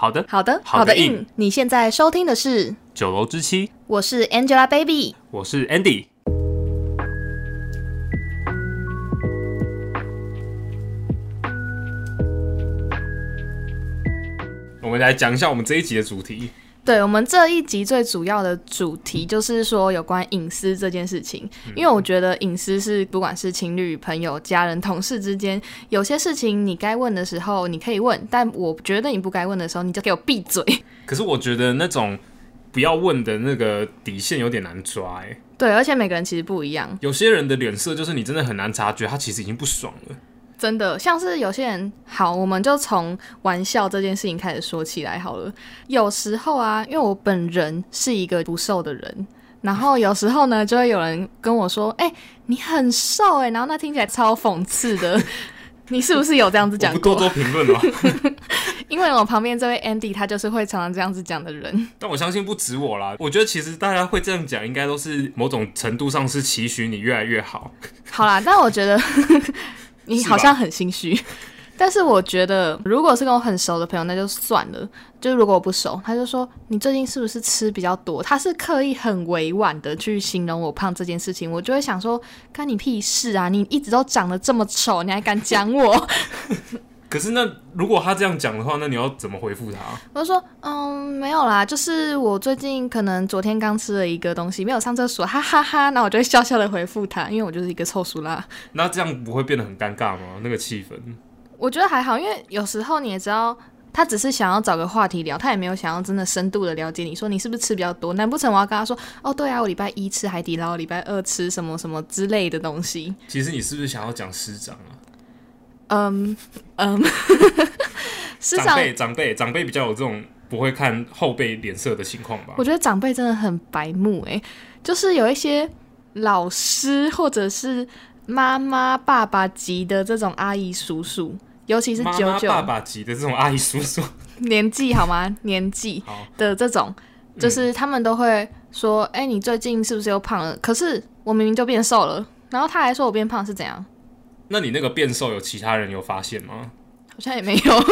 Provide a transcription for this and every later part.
好的，好的，好的，好的。印，你現在收聽的是《酒樓汁七》，我是 Angela Baby，我是 Andy。我們來講一下我們這一集的主題。對，我們這一集最主要的主題就是說有關隱私這件事情，嗯，因為我覺得隱私是不管是情侶、朋友、家人、同事之間，有些事情你該問的時候你可以問，但我覺得你不該問的時候，你就給我閉嘴。可是我覺得那種不要問的那個底線有點難抓、欸，哎，對，而且每個人其實不一樣，有些人的臉色就是你真的很難察覺，他其實已經不爽了。真的像是有些人，好，我們就從玩笑這件事情開始說起來好了。有時候啊，因為我本人是一個不瘦的人，然後有時候呢，就會有人跟我說：“哎、欸，你很瘦哎、欸。”然後那聽起來超諷刺的， 你是不是有這樣子講過？不多做評論啊！因為我旁邊這位 Andy，他就是會常常這樣子講的人。但我相信不止我啦。我覺得其實大家會這樣講，應該都是某種程度上是期許你越來越好。 好啦，但我覺得。 你好像很心虛，但是我覺得，如果是跟我很熟的朋友，那就算了。就如果我不熟，他就說你最近是不是吃比較多？他是刻意很委婉的去形容我胖這件事情，我就會想說，干你屁事啊！你一直都長得這麼醜，你還敢講我？ 可是那如果他這樣講的話，那你要怎麼回覆他？我就說，嗯，沒有啦，就是我最近可能昨天剛吃了一個東西，沒有上廁所，哈哈哈,哈。那我就會笑笑的回覆他，因為我就是一個臭鼠啦。那這樣不會變得很尷尬嗎？那個氣氛？我覺得還好，因為有時候你也知道，他只是想要找個話題聊，他也沒有想要真的深度的了解你。說你是不是吃比較多？難不成我要跟他說，哦，對啊，我禮拜一吃海底撈，禮拜二吃什麼什麼之類的東西？其實你是不是想要講師長啊？嗯、um, 嗯、um, 是長輩長輩長輩比較有這種不會看後輩臉色的情況吧？我覺得長輩真的很白目誒、欸，就是有一些老師或者是媽媽爸爸級的這種阿姨叔叔，尤其是舅舅，媽媽爸爸級的這種阿姨叔叔 ，年紀好嗎？年紀的這種好，就是他們都會說：“哎、嗯欸，你最近是不是又胖了？”可是我明明就變瘦了，然後他還說我變胖是怎樣？那你那個變瘦有其他人有發現嗎？好像也沒有 。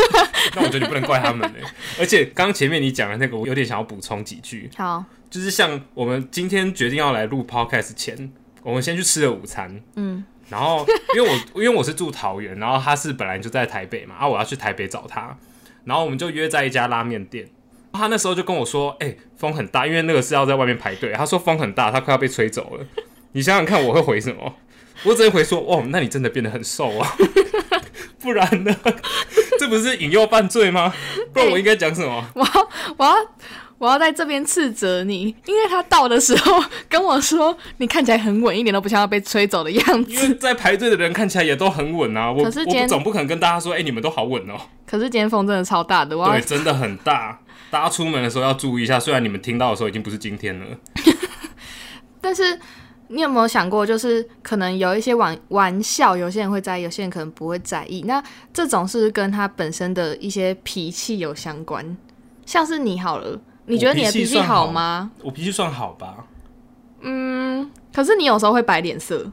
那我覺得不能怪他們呢。而且剛剛前面你講的那個，我有點想要補充幾句。好，就是像我們今天決定要來錄 podcast 前，我們先去吃了午餐。嗯，然後因為我因為我是住桃園，然後他是本來就在台北嘛，啊，我要去台北找他，然後我們就約在一家拉麵店。他那時候就跟我說：“哎，風很大，因為那個是要在外面排隊。”他說風很大，他快要被吹走了。你想想看，我會回什麼？我只會說，哦，那你真的變得很瘦啊！ 不然呢？這不是引誘犯罪嗎？不然我應該講什麼？欸？我要，我要，我要在這邊斥責你，因為他到的時候跟我說，你看起來很穩，一點都不像要被吹走的樣子。因為在排隊的人看起來也都很穩啊。可是我，我總不可能跟大家說，哎、欸，你們都好穩哦。可是今天風真的超大的，對，真的很大。大家出門的時候要注意一下，雖然你們聽到的時候已經不是今天了， 但是。你有沒有想過，就是可能有一些玩玩笑，有些人會在意，有些人可能不會在意。那這種是不是跟他本身的一些脾氣有相關？像是你好了，你覺得你的脾氣好嗎？我脾氣算，算好吧。嗯，可是你有時候會擺臉色。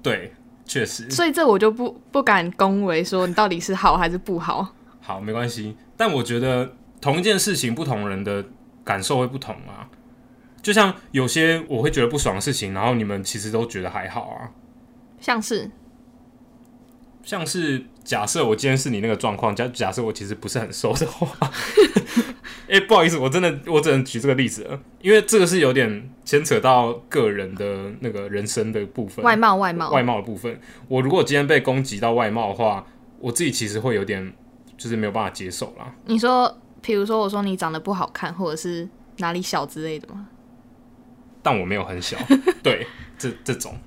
對，確實。所以這我就不不敢恭維，說你到底是好還是不好。 好，沒關係。但我覺得同一件事情，不同人的感受會不同啊。就像有些我會覺得不爽的事情，然後你們其實都覺得還好啊。像是，像是假設我今天是你那個狀況，假假設我其實不是很瘦的話，哎、 欸，不好意思，我真的我只能舉這個例子了，因為這個是有點牽扯到個人的那個人生的部分，外貌外貌外貌的部分。我如果今天被攻擊到外貌的話，我自己其實會有點就是沒有辦法接受啦。你說，比如說我說你長得不好看，或者是哪裡小之類的嗎？但我沒有很小， 對，這這種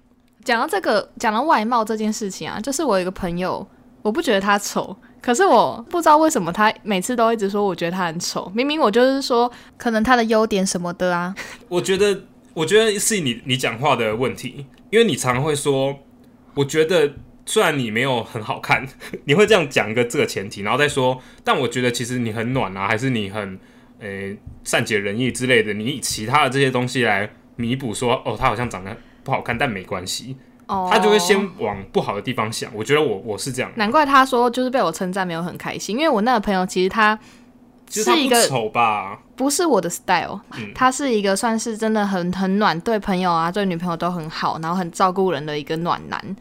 講到這個，講到外貌這件事情啊，就是我有一個朋友，我不覺得他醜，可是我不知道為什麼他每次都一直說我覺得他很醜。明明我就是說，可能他的優點什麼的啊。我覺得，我覺得是你你講話的問題，因為你常會說，我覺得雖然你沒有很好看， 你會這樣講一個這個前提，然後再說，但我覺得其實你很暖啊，還是你很誒、欸、善解人意之類的，你以其他的這些東西來。彌補說哦，他好像長得不好看，但沒關係。哦、oh，他就會先往不好的地方想。我覺得我我是這樣，難怪他說就是被我稱讚沒有很開心，因為我那個朋友其實他，其實他是一個醜吧，不是我的 style，嗯。他是一個算是真的很很暖，對朋友啊，對女朋友都很好，然後很照顧人的一個暖男。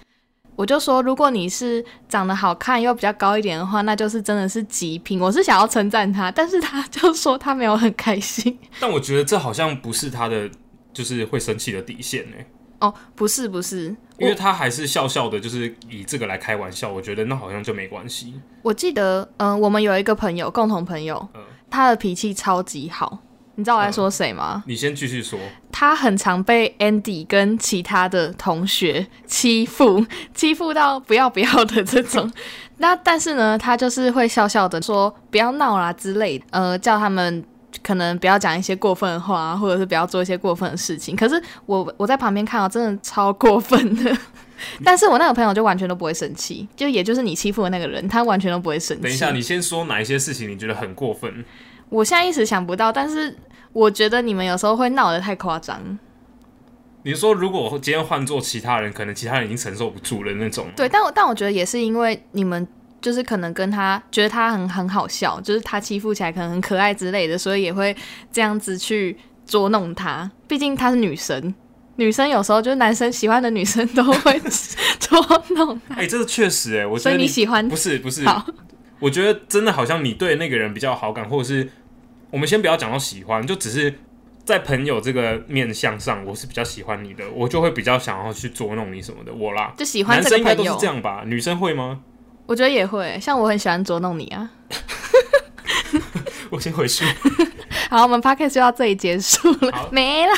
我就說，如果你是長得好看又比較高一點的話，那就是真的是極品。我是想要稱讚他，但是他就說他沒有很開心。但我覺得這好像不是他的。就是會生氣的底線呢、欸？哦，不是不是，因為他還是笑笑的，就是以這個來開玩笑，我，我覺得那好像就沒關係。我記得，嗯，我們有一個朋友，共同朋友，呃、他的脾氣超級好，你知道我在說誰嗎、呃？你先繼續說。他很常被 Andy 跟其他的同學欺負，欺負到不要不要的這種。 那但是呢，他就是會笑笑的說“不要鬧啦”之類的，呃，叫他們。可能不要講一些過分的話，或者是不要做一些過分的事情。可是我我在旁邊看啊、喔，真的超過分的。但是我那個朋友就完全都不會生氣，就也就是你欺負的那個人，他完全都不會生氣。等一下，你先說哪一些事情你覺得很過分？我現在一時想不到，但是我覺得你們有時候會鬧得太誇張。你說如果今天換做其他人，可能其他人已經承受不住了那種了。對，但我但我覺得也是因為你們。就是可能跟他覺得他很很好笑，就是他欺負起來可能很可愛之類的，所以也會這樣子去捉弄他。畢竟他是女生，女生有時候就是男生喜歡的女生都會 捉弄他。哎、欸，這個確實哎、欸，我所以你喜歡不是不是好，我覺得真的好像你對那個人比較好感，或者是我們先不要講到喜歡，就只是在朋友這個面向上，我是比較喜歡你的，我就會比較想要去捉弄你什麼的。我啦，就喜歡這個男生應該都是這樣吧，女生會嗎？我覺得也會，像我很喜歡捉弄你啊。 我先回去 。好，我們 Podcast 就到這裡結束了，沒了。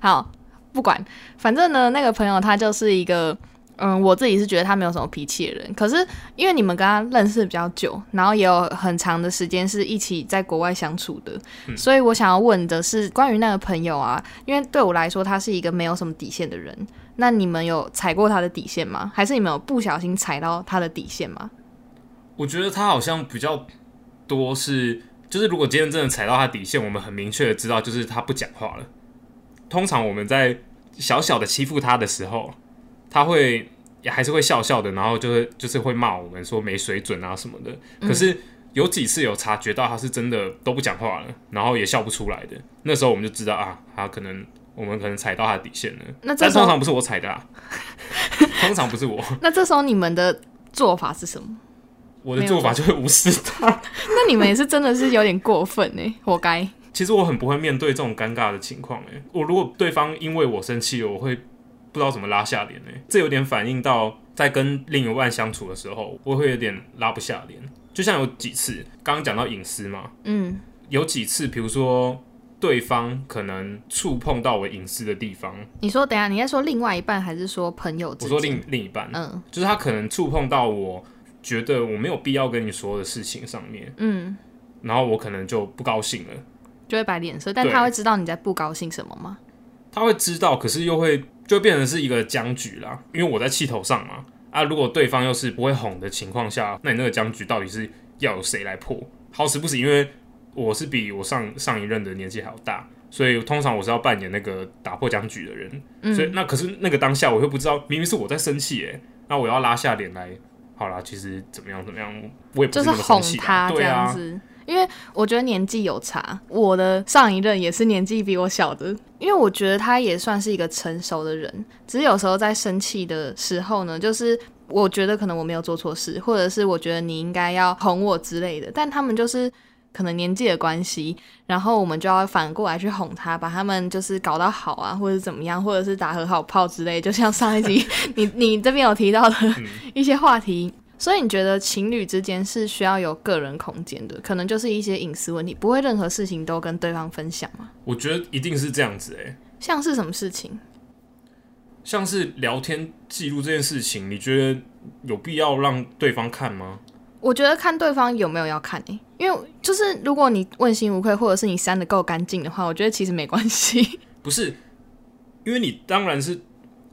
好，不管，反正呢，那個朋友他就是一個，嗯，我自己是覺得他沒有什麼脾氣的人。可是因為你們跟他認識比較久，然後也有很長的時間是一起在國外相處的，嗯、所以我想要問的是關於那個朋友啊，因為對我來說他是一個沒有什麼底線的人。那你們有踩過他的底線嗎？還是你們有不小心踩到他的底線嗎？我覺得他好像比較多是，就是如果今天真的踩到他的底線，我們很明確的知道，就是他不講話了。通常我們在小小的欺負他的時候，他會，也還是會笑笑的，然後就會，是，就是會罵我們說沒水準啊什麼的。嗯。可是有幾次有察覺到他是真的都不講話了，然後也笑不出來的，那時候我們就知道啊，他可能。我們可能踩到他的底線了那這，但通常不是我踩的。啊， 通常不是我。那這時候你們的做法是什麼？我的做法就是無視他。 那你們也是真的是有點過分呢，活該。其實我很不會面對這種尷尬的情況哎，我如果對方因為我生氣，我會不知道怎麼拉下臉呢？這有點反映到在跟另一半相處的時候，我會有點拉不下臉。就像有幾次剛剛講到隱私嘛，嗯，有幾次比如說。對方可能觸碰到我隱私的地方。你說，等一下，你在說另外一半，還是說朋友？我說另另一半。嗯，就是他可能觸碰到我覺得我沒有必要跟你說的事情上面。嗯，然後我可能就不高興了，就會擺臉色。但他會知道你在不高興什麼嗎？他會知道，可是又會就變成是一個僵局啦。因為我在氣頭上嘛。啊，如果對方又是不會哄的情況下，那你那個僵局到底是要由誰來破？好死不死，因為。我是比我上上一任的年紀還要大，所以通常我是要扮演那個打破僵局的人，嗯、所以那可是那個當下我又不知道，明明是我在生氣哎、欸，那我要拉下臉來，好啦，其實怎麼樣怎麼樣，我也不是、啊、就是哄他，這樣子、對啊，因為我覺得年紀有差，我的上一任也是年紀比我小的，因為我覺得他也算是一個成熟的人，只是有時候在生氣的時候呢，就是我覺得可能我沒有做錯事，或者是我覺得你應該要哄我之類的，但他們就是。可能年紀的關係，然後我們就要反過來去哄他，把他們就是搞到好啊，或者怎麼樣，或者是打和好炮之類。就像上一集 你你這邊有提到的、嗯、 一些話題，所以你覺得情侶之間是需要有個人空間的，可能就是一些隱私問題，不會任何事情都跟對方分享嗎？我覺得一定是這樣子誒、欸，像是什麼事情？像是聊天記錄這件事情，你覺得有必要讓對方看嗎？我覺得看對方有沒有要看你、欸，因為就是如果你問心無愧，或者是你刪得夠乾淨的話，我覺得其實沒關係。不是，因為你當然是，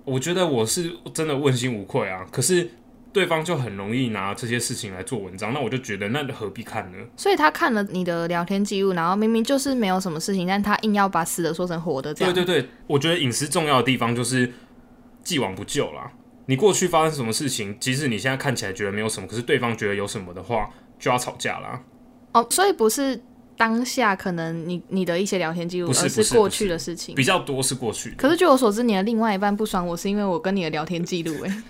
我覺得我是真的問心無愧啊。可是對方就很容易拿這些事情來做文章，那我就覺得那何必看呢？所以他看了你的聊天記錄，然後明明就是沒有什麼事情，但他硬要把死的說成活的這樣。對對對，我覺得隱私重要的地方就是既往不咎啦。你過去發生什麼事情，即使你現在看起來覺得沒有什麼，可是對方覺得有什麼的話，就要吵架啦。哦、oh，所以不是當下，可能你你的一些聊天記錄，而是過去的事情比較多是過去。可是據我所知，你的另外一半不爽我是因為我跟你的聊天記錄，誒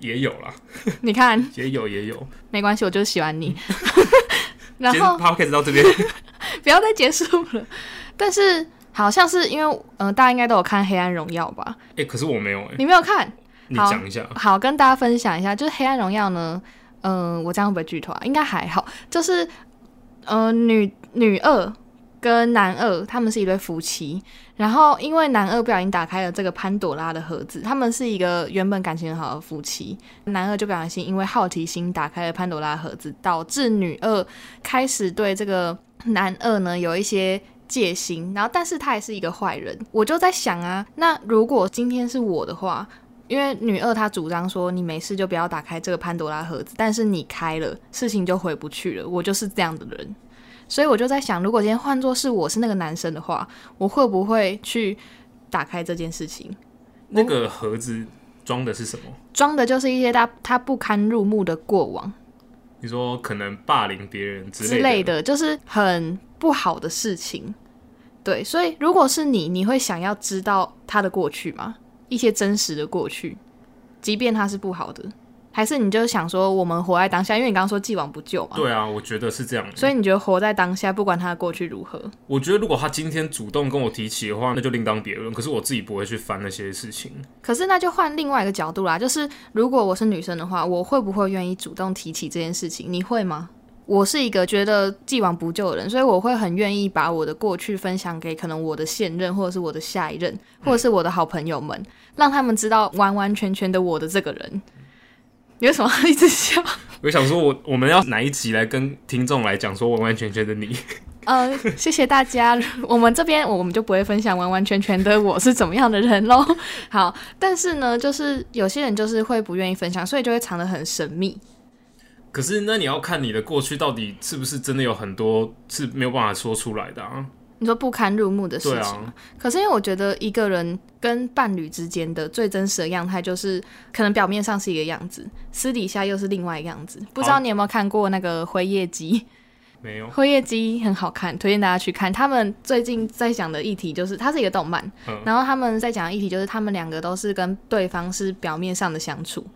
，也有啦。你看，也有也有，沒關係，我就喜歡你。 然後，podcast 到這邊不要再結束了。 但是好像是因為，嗯、呃，大家應該都有看《黑暗榮耀》吧？哎、欸，可是我沒有哎、欸，你沒有看。你講一下，好，好跟大家分享一下，就是《黑暗榮耀》呢，嗯、呃，我這樣會不會劇透啊？應該還好，就是，呃，女女二跟男二他們是一對夫妻，然後因為男二不小心打開了這個潘朵拉的盒子，他們是一個原本感情很好的夫妻，男二就不小心因為好奇心打開了潘朵拉的盒子，導致女二開始對這個男二呢有一些戒心，然後但是他也是一個壞人，我就在想啊，那如果今天是我的話。因為女二她主張說你沒事就不要打開這個潘多拉盒子，但是你開了，事情就回不去了。我就是這樣的人，所以我就在想，如果今天換作是我是那個男生的話，我會不會去打開這件事情？那個盒子裝的是什麼？裝的就是一些他他不堪入目的過往。你說可能霸凌別人之類。之類的就是很不好的事情。對，所以如果是你，你會想要知道他的過去嗎？一些真實的過去，即便他是不好的，還是你就想說我們活在當下，因為你剛剛說既往不咎嘛，啊。對啊，我覺得是這樣，所以你覺得活在當下，不管他的過去如何？我覺得如果他今天主動跟我提起的話，那就另當別論。可是我自己不會去翻那些事情。可是那就換另外一個角度啦，就是如果我是女生的話，我會不會願意主動提起這件事情？你會嗎？我是一個覺得既往不咎的人，所以我會很願意把我的過去分享給可能我的現任，或者是我的下一任，或者是我的好朋友們，嗯、讓他們知道完完全全的我的這個人。你、嗯、為什麼一直笑？我想說我，我我們要哪一集來跟聽眾來講說完完全全的你？嗯，謝謝大家， 我們這邊我們就不會分享完完全全的我是怎麼樣的人嘍。好，但是呢，就是有些人就是會不願意分享，所以就會藏得很神秘。可是，那你要看你的過去到底是不是真的有很多是沒有辦法說出來的啊？你說不堪入目的事情。對啊。可是，因為我覺得一個人跟伴侶之間的最真實的樣態，就是可能表面上是一個樣子，私底下又是另外一個樣子。不知道你有沒有看過那個《輝夜姬》哦？沒有。《輝夜姬》很好看，推薦大家去看。他們最近在講的議題就是，它是一個動漫。嗯。然後他們在講的議題就是，他們兩個都是跟對方是表面上的相處。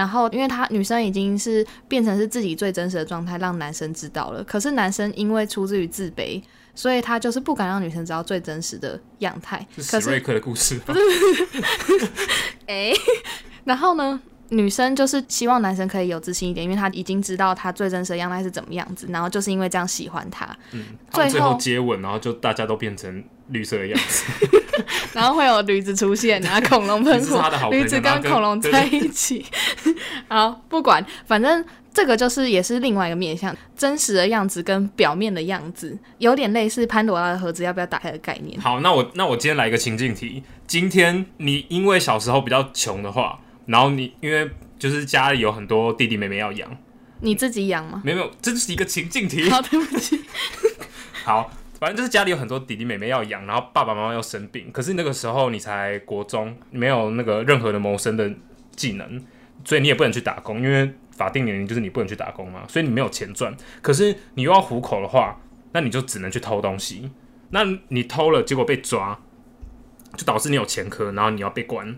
然後，因為她女生已經是變成是自己最真實的狀態，讓男生知道了。可是男生因為出自於自卑，所以他就是不敢讓女生知道最真實的樣態。是史瑞克的故事。可是、 欸。然後呢，女生就是希望男生可以有自信一點，因為她已經知道她最真實的樣態是怎麼樣子。然後就是因為這樣喜歡他，嗯、最後接吻，然後就大家都變成。綠色的樣子， 然後會有驢子出現，然後恐龍噴火，驢子跟恐龍在一起。對對對，好，不管，反正這個就是也是另外一個面向，真實的樣子跟表面的樣子有點類似潘朵拉的盒子要不要打開的概念。好，那我那我今天來一個情境題，今天你因為小時候比較窮的話，然後你因為就是家裡有很多弟弟妹妹要養，你自己養嗎？沒有，真的是一個情境題。好，對不起。好。反正就是家裡有很多弟弟妹妹要養，然後爸爸媽媽又生病。可是那個時候你才國中，你沒有那個任何的謀生的技能，所以你也不能去打工，因為法定年齡就是你不能去打工嘛。所以你沒有錢賺，可是你又要糊口的話，那你就只能去偷東西。那你偷了，結果被抓，就導致你有前科，然後你要被關。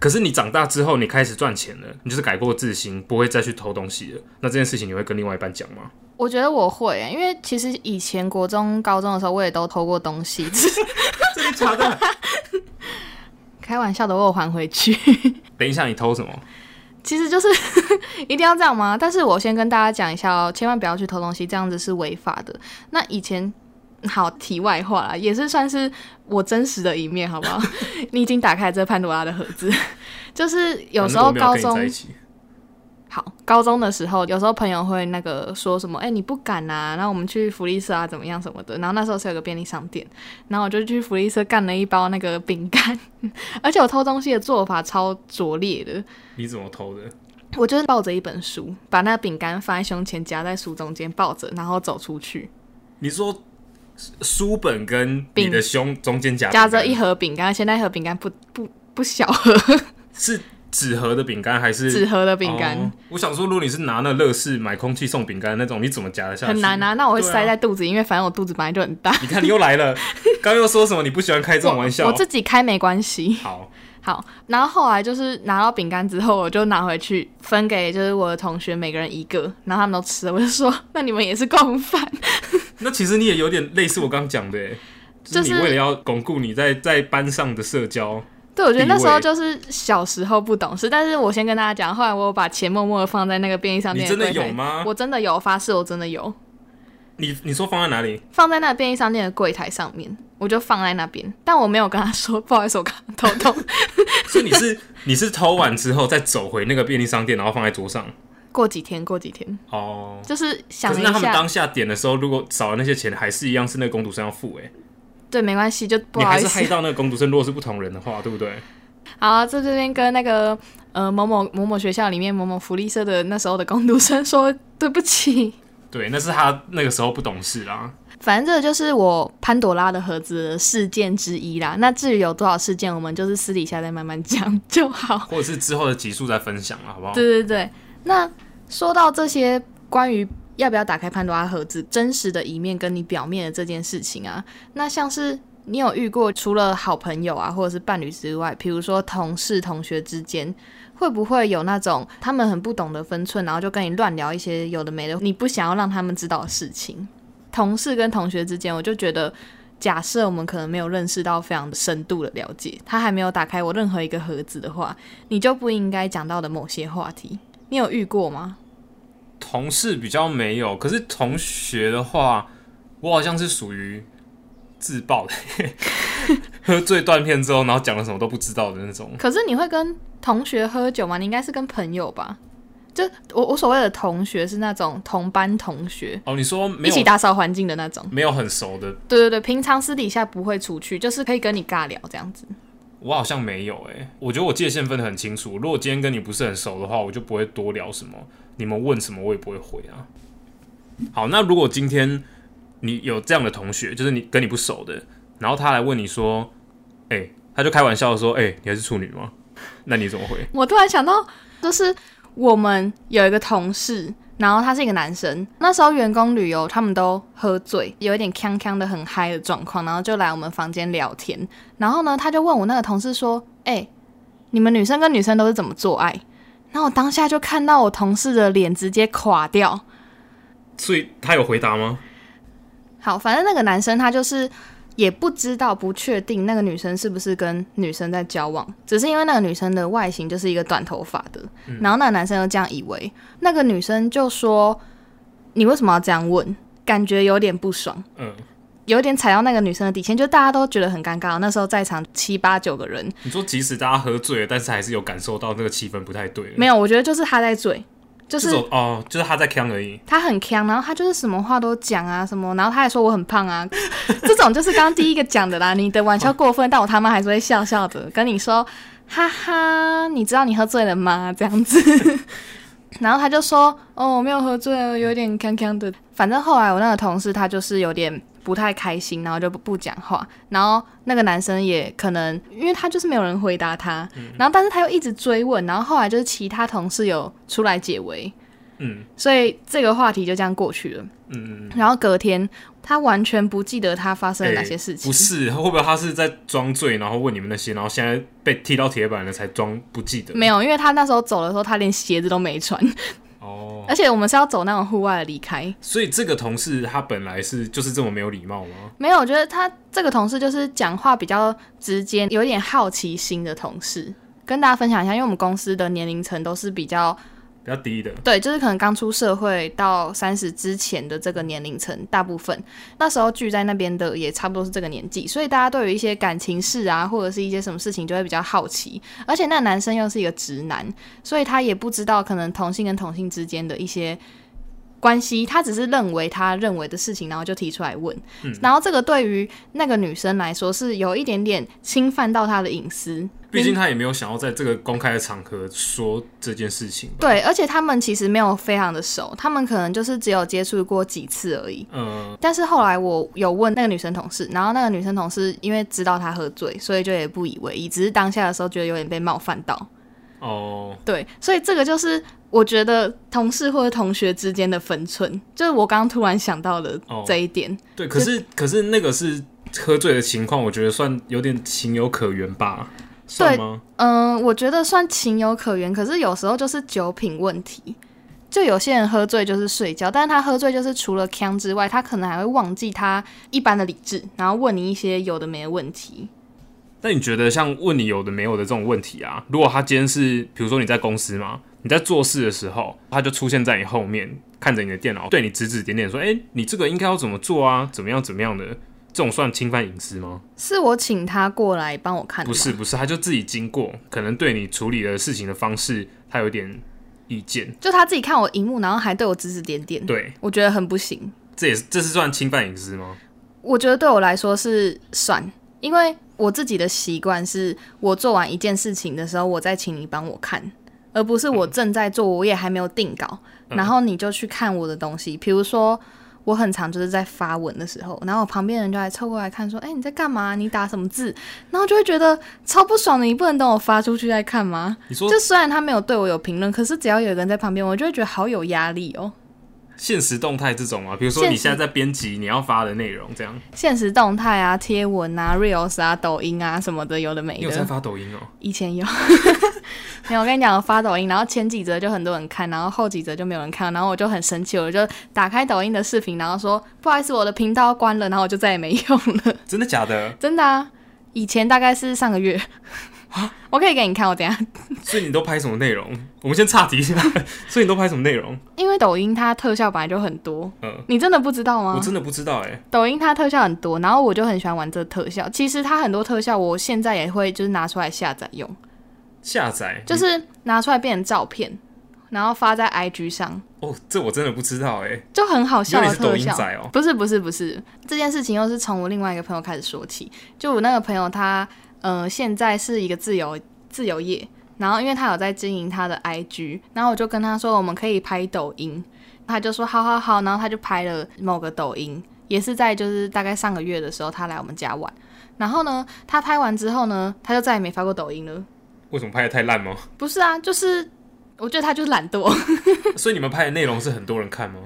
可是你長大之後，你開始賺錢了，你就是改過自新，不會再去偷東西了。那這件事情你會跟另外一半講嗎？我覺得我會，因為其實以前國中、高中的時候，我也都偷過東西。真的 假的， 開玩笑的，我有還回去。等一下，你偷什麼？ 其實就是 一定要這樣嗎？但是我先跟大家講一下哦，千萬不要去偷東西，這樣子是違法的。那以前。好，題外話啦，也是算是我真實的一面，好不好？ 你已經打開這潘多拉的盒子，就是有時候高中好高中的時候，有時候朋友會那個說什麼，哎、欸，你不敢啊？然後我們去福利社啊，怎麼樣什麼的？然後那時候是有個便利商店，然後我就去福利社幹了一包那個餅乾，而且我偷東西的做法超拙劣的。你怎麼偷的？我就是抱着一本書，把那餅乾放在胸前夾在書中間抱着，然後走出去。你說。書本跟你的胸中間夾夾着一盒餅乾，現在一盒餅乾不不不小盒，是紙盒的餅乾還是紙盒的餅乾、哦？我想說，如果你是拿那樂事買空氣送餅乾那種，你怎麼夾得下去？很難拿！那我會塞在肚子、啊，因為反正我肚子本來就很大。你看你又來了，剛 又說什麼？你不喜歡開這種玩笑？我，我自己開沒關係。好，好，然後後來就是拿到餅乾之後，我就拿回去分給就是我的同學每個人一個，然後他們都吃了，我就說那你們也是共犯。 那其實你也有點類似我剛剛講的，就是，是你為了要鞏固你在在班上的社交。對，我覺得那時候就是小時候不懂事。但是我先跟大家講，後來我有把錢默默的放在那個便利商店。你真的有嗎？我真的有，發誓我真的有。你你說放在哪裡？放在那個便利商店的櫃台上面，我就放在那邊，但我沒有跟他說。不好意思，我剛剛偷偷。偷偷 所以你是你是偷完之後再走回那個便利商店，然後放在桌上？過幾天，過幾天哦，oh, 就是想着。那他們當下點的時候，如果少了那些錢，還是一樣是那個工讀生要付哎、欸。對，沒關係，就不好意思，你還是知道那個工讀生。 如果是不同人的話，對不對？好、啊，就這這邊跟那個呃某某某某學校裡面某某福利社的那時候的工讀生說對不起。對，那是他那個時候不懂事啦。反正這就是我潘朵拉的盒子的事件之一啦。那至於有多少事件，我們就是私底下再慢慢講就好， 或者是之後的集數再分享了，好不好？對對對。那說到這些關於要不要打開潘多拉盒子真實的一面跟你表面的這件事情啊，那像是你有遇過除了好朋友啊或者是伴侶之外，比如說同事、同學之間，會不會有那種他們很不懂得分寸，然後就跟你亂聊一些有的沒的你不想要讓他們知道的事情？同事跟同學之間，我就覺得，假設我們可能沒有認識到非常深度的了解，他還沒有打開我任何一個盒子的話，你就不應該講到的某些話題。你有遇過嗎？同事比較沒有，可是同學的話，我好像是屬於自爆的，呵呵 喝醉斷片之後，然後講了什麼都不知道的那種。可是你會跟同學喝酒嗎？你應該是跟朋友吧？就我我所謂的同學是那種同班同學哦，你說沒有，一起打掃環境的那種，沒有很熟的。對對對，平常私底下不會出去，就是可以跟你尬聊這樣子。我好像沒有誒、欸，我覺得我界限分得很清楚。如果今天跟你不是很熟的話，我就不會多聊什麼。你們問什麼，我也不會回啊。好，那如果今天你有這樣的同學，就是你跟你不熟的，然後他來問你說：“誒、欸，他就開玩笑說，誒、欸，你還是處女嗎？”那你怎麼回？我突然想到，就是我們有一個同事。然後他是一個男生，那時候員工旅遊，他們都喝醉，有一點鏘鏘的很嗨的狀況，然後就來我們房間聊天。然後呢，他就問我那個同事說：“哎、欸，你們女生跟女生都是怎麼做愛？”然後我當下就看到我同事的臉直接垮掉。所以他有回答嗎？好，反正那個男生他就是。也不知道，不確定那個女生是不是跟女生在交往，只是因為那個女生的外形就是一個短頭髮的，嗯，然後那個男生又這樣以為，那個女生就說：“你為什麼要這樣問？感覺有點不爽，嗯，有點踩到那個女生的底線，就大家都覺得很尷尬。那時候在場七八九個人，你說即使大家喝醉了，但是還是有感受到那個氣氛不太對。沒有，我覺得就是他在醉。”就是哦，就是他在鏘而已。他很鏘，然後他就是什麼話都講啊，什麼，然後他還說我很胖啊。 這種就是剛剛第一個講的啦， 你的玩笑過分，但我他媽還是會笑笑的，跟你說哈哈，你知道你喝醉了嗎？這樣子。 然後他就說哦，我沒有喝醉了，有點鏘鏘的。反正後來我那個同事他就是有點。不太開心，然後就不不講話，然後那個男生也可能，因為他就是沒有人回答他，嗯，然後但是他又一直追問，然後後來就是其他同事有出來解圍，嗯，所以這個話題就這樣過去了，嗯嗯，然後隔天他完全不記得他發生了哪些事情，欸，不是，會不會他是在裝醉，然後問你們那些，然後現在被踢到鐵板了才裝不記得，沒有，因為他那時候走的時候他連鞋子都沒穿。 哦、oh，而且我們是要走那種戶外的離開，所以這個同事他本來是就是這麼沒有禮貌嗎？沒有，我覺得他這個同事就是講話比較直接，有一點好奇心的同事，跟大家分享一下，因為我們公司的年齡層都是比較。比較低的，對，就是可能剛出社會到三十之前的這個年齡層，大部分那時候聚在那邊的也差不多是這個年紀，所以大家對於一些感情事啊，或者是一些什麼事情就會比較好奇。而且那男生又是一個直男，所以他也不知道可能同性跟同性之間的一些。關係，他只是認為他認為的事情，然後就提出來問。嗯、然後這個對於那個女生來說是有一點點侵犯到她的隱私，畢竟她也沒有想要在這個公開的場合說這件事情，嗯。對，而且他們其實沒有非常的熟，他們可能就是只有接觸過幾次而已。嗯、呃。但是後來我有問那個女生同事，然後那個女生同事因為知道他喝醉，所以就也不以為意，只是當下的時候覺得有點被冒犯到。哦、oh.，對，所以這個就是我覺得同事或者同學之間的分寸，就是我剛剛突然想到的這一點。Oh. 對，可是可是那個是喝醉的情況，我覺得算有點情有可原吧？對，對嗎？嗯、呃，我覺得算情有可原。可是有時候就是酒品問題，就有些人喝醉就是睡覺，但是他喝醉就是除了腔之外，他可能還會忘記他一般的理智，然後問你一些有的沒的問題。那你覺得像問你有的沒有的這種問題啊？如果他今天是，比如說你在公司嘛，你在做事的時候，他就出現在你後面，看着你的電腦，對你指指點點，說：“哎、欸，你這個應該要怎麼做啊？怎麼樣？怎麼樣的？”這種算侵犯隱私嗎？是我請他過來幫我看的。不是不是，他就自己經過，可能對你處理的事情的方式，他有點意見。就他自己看我熒幕，然後還對我指指點點，對。我覺得很不行。這也是，這是算侵犯隱私嗎？我覺得對我來說是算。因為我自己的習慣是，我做完一件事情的時候，我再請你幫我看，而不是我正在做，我也還沒有定稿，嗯、然後你就去看我的東西。比、嗯、如說，我很常就是在發文的時候，然後我旁邊人就來湊過來看，說：“哎、欸，你在幹嘛？你打什麼字？”然後就會覺得超不爽的。你不能等我發出去再看嗎？你說，就雖然他沒有對我有評論，可是只要有人在旁邊，我就會覺得好有壓力哦。限時動態這種啊，比如說你現在在編輯你要發的內容，這樣。限時動態啊、貼文啊、reels 啊、抖音啊什麼的，有的沒。你有在發抖音哦？以前有。 沒有，我跟你講，我發抖音，然後前幾則就很多人看，然後後幾則就沒有人看，然後我就很生氣，我就打開抖音的視頻，然後說：“不好意思，我的頻道關了。”然後我就再也沒用了。真的假的？真的啊！以前大概是上個月。啊！我可以給你看，我等下。所以你都拍什麼內容？ 我們先岔題先。所以你都拍什麼內容？因為抖音它特效本來就很多。嗯、呃。你真的不知道嗎？我真的不知道哎、欸。抖音它特效很多，然後我就很喜歡玩這個特效。其實它很多特效，我現在也會就是拿出來下載用。下載。就是拿出來變成照片，然後發在 IG 上。哦，這我真的不知道哎、欸。就很好笑的特效是抖音仔哦、喔。不是不是不是，這件事情又是從我另外一個朋友開始說起。就我那個朋友他。呃，現在是一個自由自由業，然後因為他有在經營他的 IG，然後我就跟他說我們可以拍抖音，他就說好，好，好，然後他就拍了某個抖音，也是在就是大概上個月的時候他來我們家玩，然後呢，他拍完之後呢，他就再也沒發過抖音了。為什麼拍得太爛嗎？不是啊，就是我覺得他就是懶惰。 所以你們拍的內容是很多人看嗎？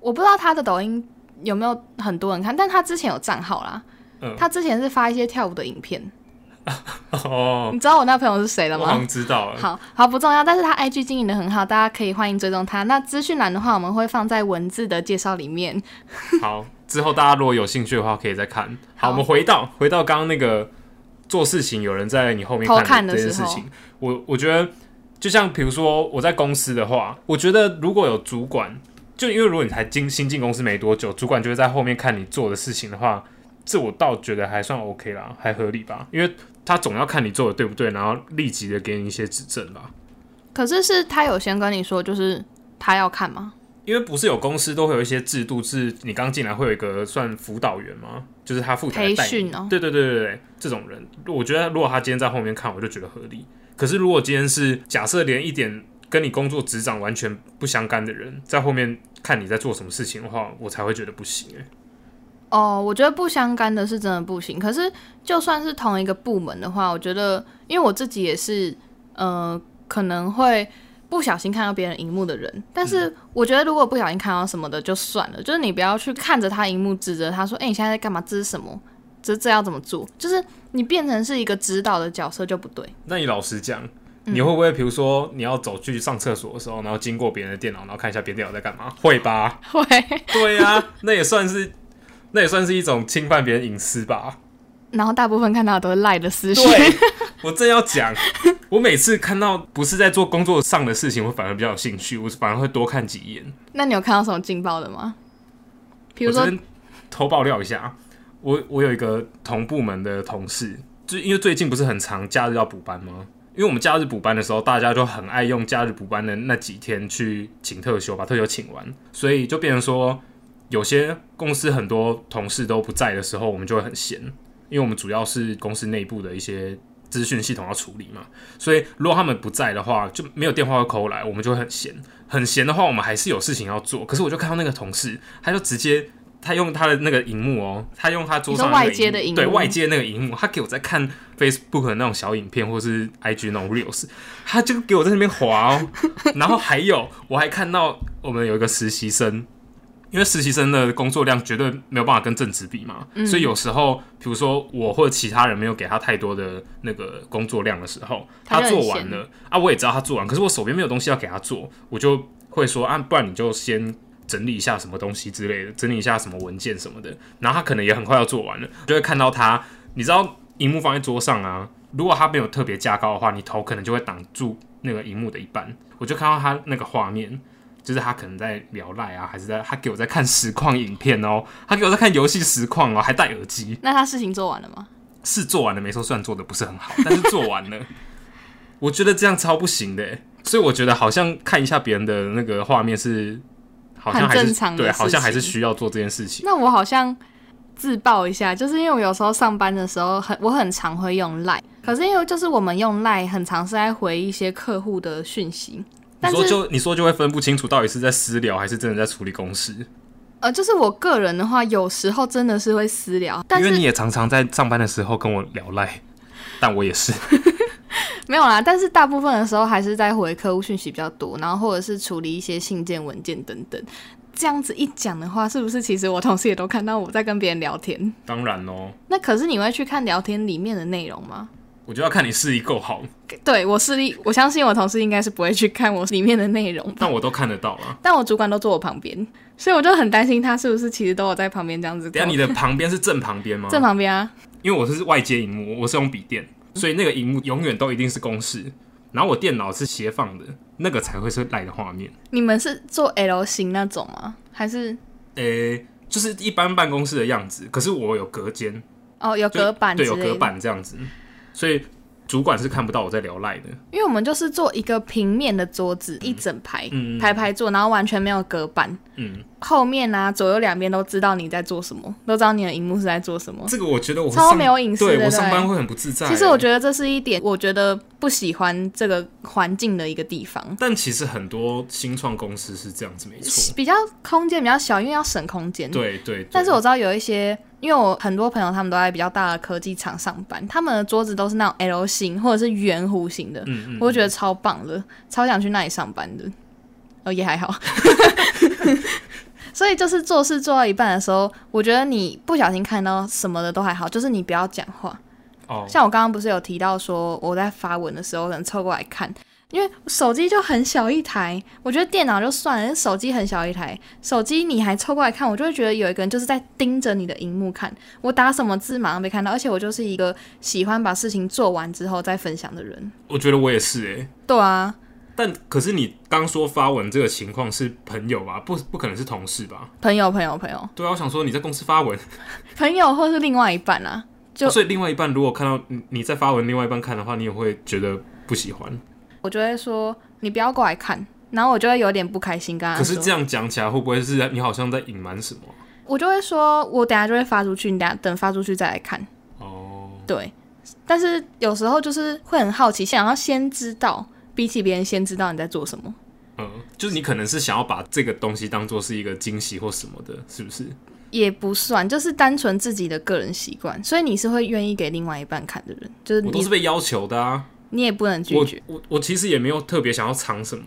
我不知道他的抖音有沒有很多人看，但他之前有賬號啦。嗯，他之前是發一些跳舞的影片，哦，你知道我那朋友是誰了嗎？我知道了。好，好不重要，但是他 IG 經營的很好，大家可以歡迎追蹤他。那資訊欄的話，我們會放在文字的介紹裡面。好， 之後大家如果有興趣的話，可以再看。好，好，我們回到回到剛剛那個做事情有人在你後面偷看的事情，我我覺得就像比如說我在公司的話，我覺得如果有主管，就因為如果你才進新進公司沒多久，主管就會在後面看你做的事情的話。這我倒覺得還算 OK 啦，還合理吧？因為他總要看你做的對不對，然後立即的給你一些指正吧。可是是他有先跟你說，就是他要看嗎？因為不是有公司都會有一些制度，是你剛進來會有一個算輔導員嗎？就是他負責培訓哦。對對對對對，這種人，我覺得如果他今天在後面看，我就覺得合理。可是如果今天是假設連一點跟你工作職掌完全不相干的人在後面看你在做什麼事情的話，我才會覺得不行欸。哦、oh，我覺得不相干的是真的不行。可是就算是同一個部門的話，我覺得，因為我自己也是，呃，可能會不小心看到別人熒幕的人。但是我覺得，如果不小心看到什麼的，就算了、嗯。就是你不要去看着他熒幕，指著他說：“哎、欸，你現在在幹嘛？這是什麼？這這要怎麼做？”就是你變成是一個指導的角色就不對。那你老實講、嗯，你會不會？比如說你要走去上廁所的時候，然後經過別人的電腦，然後看一下別人的電腦在幹嘛？會吧？會。對啊。 那也算是。那也算是一種侵犯別人隱私吧。然後大部分，看到的都是賴的私信，我正要講， 我每次看到不是在做工作上的事情，我反而比較有興趣，我反而會多看幾眼。那你有看到什麼勁爆的嗎？比如說，偷爆料一下，我我有一個同部門的同事，就因為最近不是很常假日要補班嗎？因為我們假日補班的時候，大家就很愛用假日補班的那幾天去請特休，把特休請完，所以就變成說。有些公司很多同事都不在的時候，我們就會很閒，因為我們主要是公司內部的一些資訊系統要處理嘛，所以如果他們不在的話，就沒有電話要 call 來，我們就會很閒。很閒的話，我們還是有事情要做。可是我就看到那個同事，他就直接他用他的那個熒幕哦、喔，他用他桌上的螢幕，外接的螢幕對，外接那個螢幕，他給我在看 Facebook 的那種小影片，或者是 IG 那種 Reels，他就給我在那邊滑、喔。然後還有， 我還看到我們有一個實習生。因為實習生的工作量絕對沒有辦法跟正職比嘛，所以有時候，比如說我或者其他人沒有給他太多的那個工作量的時候，他做完了啊，我也知道他做完，可是我手邊沒有東西要給他做，我就會說啊，不然你就先整理一下什麼東西之類的，整理一下什麼文件什麼的。然後他可能也很快要做完了，就會看到他，你知道，熒幕放在桌上啊，如果他沒有特別架高的話，你頭可能就會擋住那個熒幕的一半，我就看到他那個畫面。就是他可能在聊賴啊，還是在他給我在看實況影片哦，他給我在看遊戲實況哦，還戴耳機。那他事情做完了嗎？是做完了，沒錯，雖然做的不是很好，但是做完了。 我覺得這樣超不行的，所以我覺得好像看一下別人的那個畫面是，好像是很正常的。對，好像還是需要做這件事情。那我好像自爆一下，就是因為我有時候上班的時候很，我很常會用賴，可是因為就是我們用賴，很常是在回一些客戶的訊息。但是你說就你說就會分不清楚到底是在私聊還是真的在處理公事。呃，就是我個人的話，有時候真的是會私聊，但是因為你也常常在上班的時候跟我聊賴，但我也是 沒有啦。但是大部分的時候還是在回客戶訊息比較多，然後或者是處理一些信件、文件等等。這樣子一講的話，是不是其實我同事也都看到我在跟別人聊天？當然哦、喔，那可是你會去看聊天裡面的內容嗎？我就要看你視力夠好。對，我視力，我相信我同事應該是不會去看我裡面的內容。 但我都看得到啊，但我主管都坐我旁邊，所以我就很擔心他是不是其實都有在旁邊這樣子。對，你的旁邊是正旁邊嗎？正旁邊啊，因為我是外接屏幕，我是用筆電，所以那個屏幕永遠都一定是公事，然後我電腦是斜放的，那個才會是賴的畫面。你們是做 L 型那種嗎？還是呃、欸，就是一般辦公室的樣子？可是我有隔間。哦，有隔板的，對，有隔板這樣子。所以主管是看不到我在聊 Line 的，因為我們就是坐一個平面的桌子，嗯、一整排、嗯、排排坐，然後完全沒有隔板，嗯、後面啊，左右兩邊都知道你在做什麼，都知道你的熒幕是在做什麼。這個我覺得我是超沒有隱私，我上班會很不自在。其實我覺得這是一點，我覺得。不喜歡這個環境的一個地方，但其實很多新創公司是這樣子，沒錯。比較空間比較小，因為要省空間。對對對。但是我知道有一些，因為我很多朋友他們都在比較大的科技廠上班，他們的桌子都是那種 L 型或者是圓弧形的，嗯嗯，我覺得超棒的，超想去那裡上班的。哦，也還好。 所以就是做事做到一半的時候，我覺得你不小心看到什麼的都還好，就是你不要講話。像我剛剛不是有提到說我在發文的時候，可能湊過來看，因為手機就很小一台，我覺得電腦就算了，手機很小一台，手機你還湊過來看，我就會覺得有一個人就是在盯着你的熒幕看，我打什麼字馬上被看到，而且我就是一個喜歡把事情做完之後再分享的人，我覺得我也是哎、欸，對啊。但可是你剛說發文這個情況是朋友吧，不不可能是同事吧？朋友朋友朋友，對啊，我想說你在公司發文， 朋友或是另外一半啊。就哦、所以另外一半如果看到你你在發文，另外一半看的話，你也會覺得不喜歡。我就會說你不要過來看，然後我就會有點不開心。可是這樣講起來，會不會是你好像在隱瞞什麼？我就會說我等下就會發出去，你等下等發出去再來看。哦、oh，對。但是有時候就是會很好奇，想要先知道，比起別人先知道你在做什麼。嗯、呃，就是你可能是想要把這個東西當做是一個驚喜或什麼的，是不是？也不算，就是單純自己的個人習慣。所以你是會願意給另外一半看的人？就是你我都是被要求的啊，你也不能拒絕。我我，我其實也沒有特別想要藏什麼，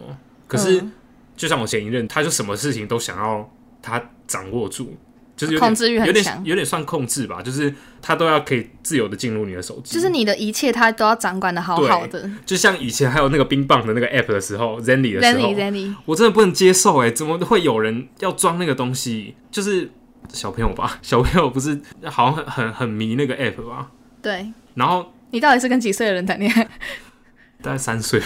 可是、嗯、就像我前一任，他就什麼事情都想要他掌握住，就是控制欲很強，有點有點算控制吧，就是他都要可以自由的進入你的手機，就是你的一切他都要掌管的好好的。就像以前還有那個冰棒的那個 app 的時候 ，Zenly 的時候 Zenly Zenly 我真的不能接受哎、欸，怎麼會有人要裝那個東西？就是。小朋友吧，小朋友不是好像很很，很迷那個 app 吧？對。然後你到底是跟幾歲的人談戀愛？大概三歲。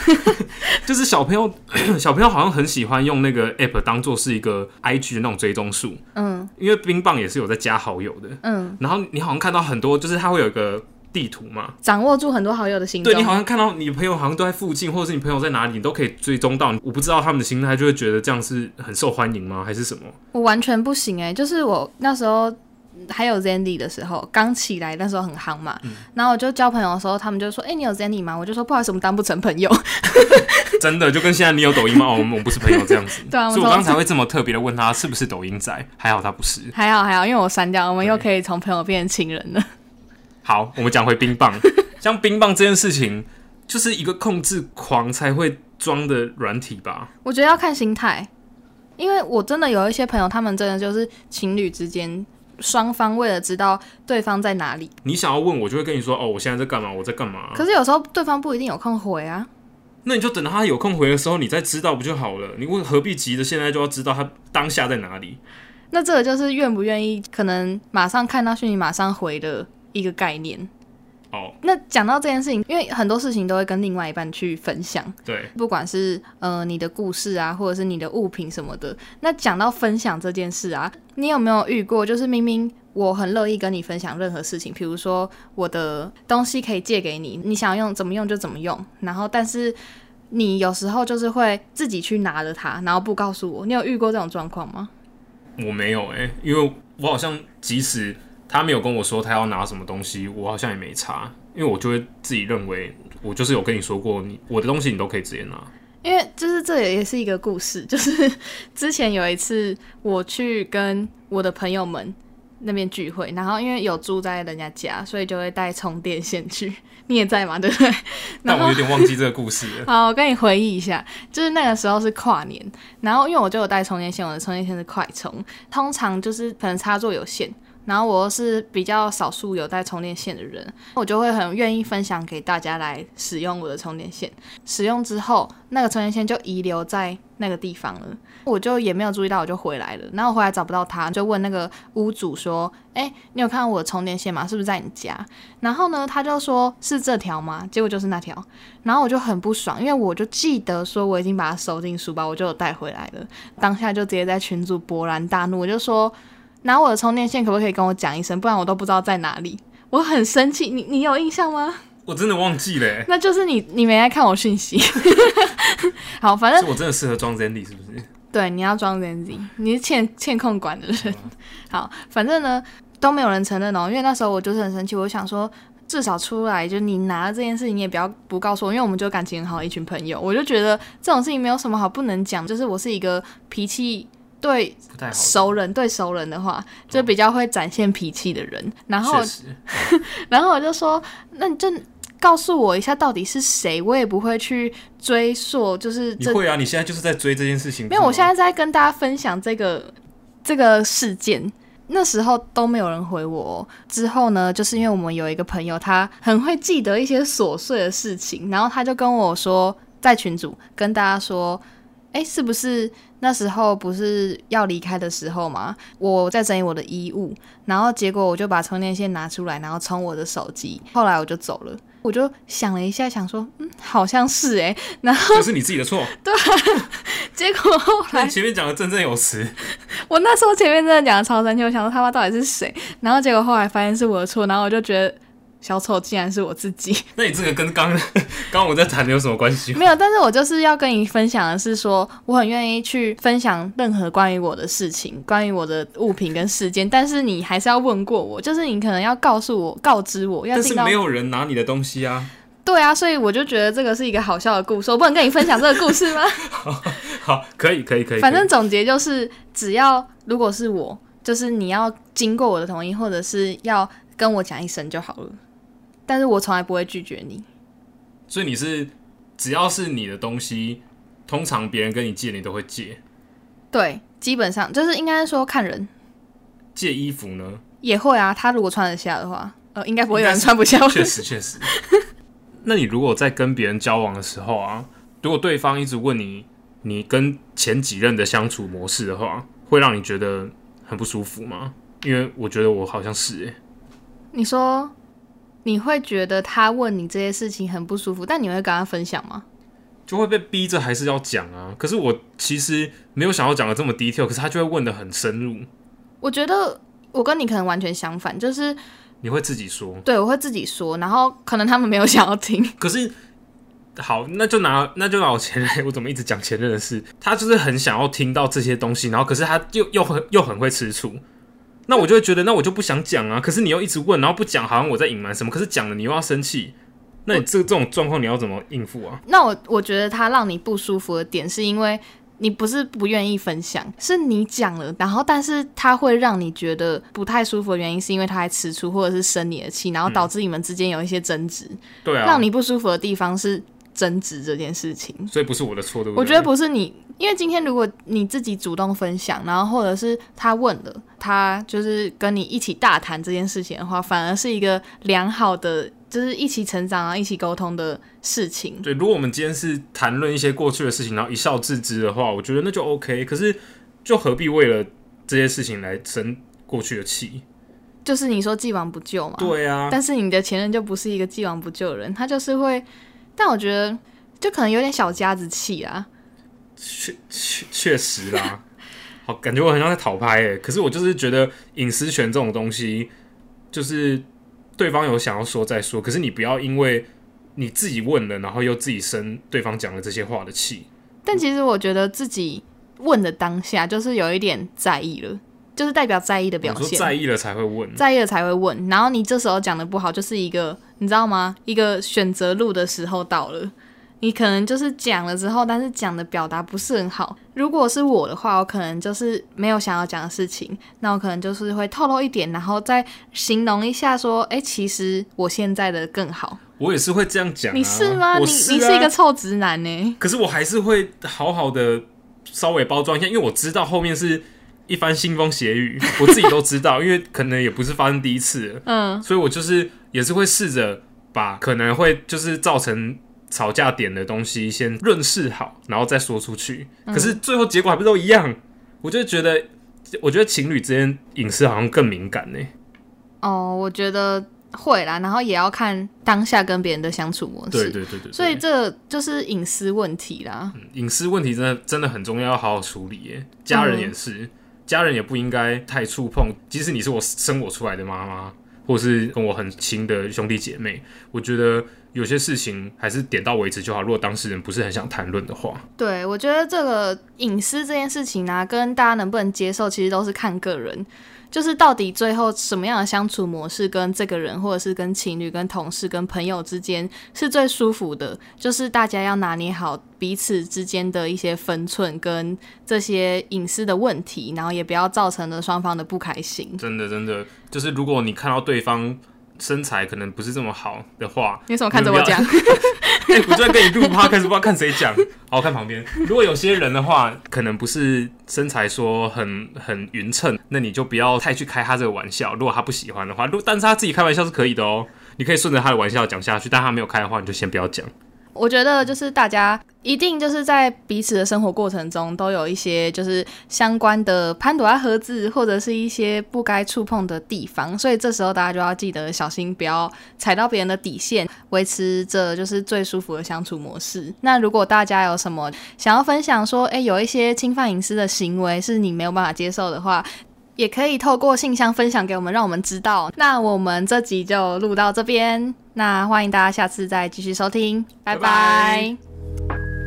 就是小朋友，小朋友好像很喜歡用那個 app 當做是一個 IG 的那種追蹤術。嗯。因為冰棒也是有在加好友的。嗯。然後你好像看到很多，就是他會有一個。地圖嘛，掌握住很多好友的心。對，對，你好像看到你朋友好像都在附近，或者是你朋友在哪裡，你都可以追蹤到。我不知道他們的心態，就會覺得這樣是很受歡迎嗎？還是什麼？我完全不行哎、欸，就是我那時候還有 Zandy 的時候，剛起來那時候很夯嘛。嗯、然後我就交朋友的時候，他們就說：“哎、欸，你有 Zandy 嗎？”我就說：“不好意思，我們當不成朋友 。”真的，就跟現在你有抖音嗎？ 我們不是朋友這樣子。 對啊、所以我剛才會這麼特別的問他是不是抖音仔，還好他不是，還好還好，因為我刪掉，我們又可以從朋友變成情人了。好，我們講回冰棒。像冰棒這件事情， 就是一個控制狂才會裝的軟體吧？我覺得要看心態，因為我真的有一些朋友，他們真的就是情侶之間，雙方為了知道對方在哪裡，你想要問我，就會跟你說：“哦，我現在在幹嘛？我在幹嘛？”可是有時候對方不一定有空回啊。那你就等他有空回的時候，你再知道不就好了？你問何必急着現在就要知道他當下在哪裡？那這個就是願不願意，可能馬上看到訊息馬上回的。一個概念，哦、oh.。那講到這件事情，因為很多事情都會跟另外一半去分享，對，不管是呃你的故事啊，或者是你的物品什麼的。那講到分享這件事啊，你有沒有遇過？就是明明我很樂意跟你分享任何事情，比如說我的東西可以借給你，你想用怎麼用就怎麼用。然後，但是你有時候就是會自己去拿着它，然後不告訴我。你有遇過這種狀況嗎？我沒有哎、欸，因為我好像即使。他沒有跟我說他要拿什麼東西，我好像也沒查，因為我就會自己認為我就是有跟你說過，你我的東西你都可以直接拿。因為就是這也也是一個故事，就是之前有一次我去跟我的朋友們那邊聚會，然後因為有住在人家家，所以就會帶充電線去。你也在嘛？對不對？那我有點忘記這個故事了。 好，我跟你回憶一下，就是那個時候是跨年，然後因為我就有帶充電線，我的充電線是快充，通常就是可能插座有限。然後我是比較少數有帶充電線的人，我就會很願意分享給大家來使用我的充電線。使用之後，那個充電線就遺留在那個地方了，我就也沒有注意到，我就回來了。然後回來找不到他，就問那個屋主說：“誒、欸，你有看到我的充電線嗎？是不是在你家？”然後呢，他就說是這條嗎？結果就是那條。然後我就很不爽，因為我就記得說我已經把它收進書包，我就有帶回來了。當下就直接在群組勃然大怒，我就說。拿我的充電線可不可以跟我講一聲？不然我都不知道在哪裡。我很生氣，你你有印象嗎？我真的忘記了、欸。那就是你你沒來看我訊息。 好，反正我真的適合裝 Zenly 是不是？對，你要裝 Zenly 你是欠欠控管的人。嗯、好，反正呢都沒有人承認哦，因為那時候我就是很生氣，我想說至少出來就你拿這件事情，你也不要不告訴我，因為我們就感情很好一群朋友，我就覺得這種事情沒有什麼好不能講，就是我是一個脾氣。對，熟人不太對熟人的話，就比較會展現脾氣的人。然後， 然後我就說，那你就告訴我一下到底是誰，我也不會去追溯。就是你會啊，你現在就是在追這件事情。沒有，我現在在跟大家分享這個這個事件。那時候都沒有人回我。之後呢，就是因為我們有一個朋友，他很會記得一些瑣碎的事情，然後他就跟我說，在群組跟大家說。哎、欸，是不是那時候不是要離開的時候嘛？我在整理我的衣物，然後結果我就把充電線拿出來，然後充我的手機。後來我就走了，我就想了一下，想說，嗯，好像是哎、欸。然後就是你自己的錯。對，結果後來 前面講的振振有詞，我那時候前面真的講的超生氣，我想說他媽到底是誰？然後結果後來發現是我的錯，然後我就覺得。小丑竟然是我自己 。那你這個跟剛剛我在談的有什麼關係？ 沒有，但是我就是要跟你分享的是說，我很願意去分享任何關於我的事情，關於我的物品跟時間。但是你還是要問過我，就是你可能要告訴我、告知我要到，但是沒有人拿你的東西啊。對啊，所以我就覺得這個是一個好笑的故事。我不能跟你分享這個故事嗎？ 好，好，可以，可以，可以。反正總結就是，只要如果是我，就是你要經過我的同意，或者是要跟我講一聲就好了。但是我從來不會拒絕你，所以你是只要是你的東西，通常別人跟你借，你都會借。對，基本上就是應該說看人。借衣服呢？也會啊，他如果穿得下的話，呃，應該不會有人穿不下。確實，確實。 那你如果在跟別人交往的時候啊，如果對方一直問你，你跟前幾任的相處模式的話，會讓你覺得很不舒服嗎？因為我覺得我好像是、欸，你說。你會覺得他問你這些事情很不舒服，但你會跟他分享嗎？就會被逼着還是要講啊。可是我其實沒有想要講得這麼 detail，可是他就會問得很深入。我覺得我跟你可能完全相反，就是你會自己說，對，我會自己說，然後可能他們沒有想要聽。可是好，那就拿那就拿我前任，我怎麼一直講前任的事？他就是很想要聽到這些東西，然後可是他又又很又很會吃醋。那我就會覺得，那我就不想講啊。可是你又一直問，然後不講，好像我在隱瞞什麼。可是講了，你又要生氣。那你這個、嗯、這種狀況，你要怎麼應付啊？那我我覺得他讓你不舒服的點，是因為你不是不願意分享，是你講了，然後但是他會讓你覺得不太舒服的原因，是因為他還吃醋或者是生你的氣，然後導致你們之間有一些爭執。嗯、對啊，讓你不舒服的地方是。爭執這件事情，所以不是我的錯對不對？我覺得不是你，因為今天如果你自己主動分享，然後或者是他問了，他就是跟你一起大談這件事情的話，反而是一個良好的，就是一起成長啊，一起溝通的事情。對，如果我們今天是談論一些過去的事情，然後一笑置之的話，我覺得那就 OK。可是，就何必為了這些事情來生過去的氣？就是你說既往不咎嘛，對啊。但是你的前任就不是一個既往不咎的人，他就是會。但我覺得，就可能有點小家子氣啊。確確確實啦、啊， 好，感覺我很像在討拍哎、欸。可是我就是覺得隱私權這種東西，就是對方有想要說再說，可是你不要因為你自己問了，然後又自己生對方講了這些話的氣。但其實我覺得自己問的當下，就是有一點在意了，就是代表在意的表現。在意了才會問，在意了才會問。然後你這時候講得不好，就是一個。你知道嗎？一個選擇路的時候到了，你可能就是講了之後，但是講的表達不是很好。如果是我的話，我可能就是沒有想要講的事情，那我可能就是會透露一點，然後再形容一下，說：“哎、欸，其實我現在的更好。”我也是會這樣講、啊。你是嗎？是啊、你你是一個臭直男呢？可是我還是會好好的稍微包裝一下，因為我知道後面是。一番腥風血雨，我自己都知道， 因為可能也不是發生第一次，嗯，所以我就是也是會試着把可能會就是造成吵架點的東西先潤飾好，然後再說出去。嗯、可是最後結果還不是都一樣？我就覺得，我覺得情侶之間隱私好像更敏感呢、欸。哦，我覺得會啦，然後也要看當下跟別人的相處模式，對對對對，對，對，所以這就是隱私問題啦。隱、嗯、私問題真的真的很重要，要好好處理、欸。耶。家人也是。嗯家人也不應該太觸碰，即使你是我生我出來的媽媽，或是跟我很親的兄弟姐妹，我覺得有些事情還是點到為止就好。如果當事人不是很想談論的話，對，我覺得這個隱私這件事情呢、啊，跟大家能不能接受，其實都是看個人。就是到底最後什麼樣的相處模式，跟這個人，或者是跟情侶、跟同事、跟朋友之間，是最舒服的？就是大家要拿捏好彼此之間的一些分寸，跟這些隱私的問題，然後也不要造成了雙方的不開心。真的，真的，就是如果你看到對方。身材可能不是這麼好的話，你怎麼看着我講、？ 欸？我正在跟一路趴，開始不知看誰講。好，我看旁邊。如果有些人的話，可能不是身材說很很勻稱，那你就不要太去開他這個玩笑。如果他不喜歡的話，如果但是他自己開玩笑是可以的哦，你可以順着他的玩笑講下去。但他沒有開的話，你就先不要講。我覺得就是大家一定就是在彼此的生活過程中都有一些就是相關的潘朵拉盒子或者是一些不該觸碰的地方，所以這時候大家就要記得小心，不要踩到別人的底線，維持着就是最舒服的相處模式。那如果大家有什麼想要分享說，誒、欸、有一些侵犯隱私的行為是你沒有辦法接受的話。也可以透過信箱分享給我們，讓我們知道。那我們這集就錄到這邊，那歡迎大家下次再繼續收聽，拜拜。拜拜。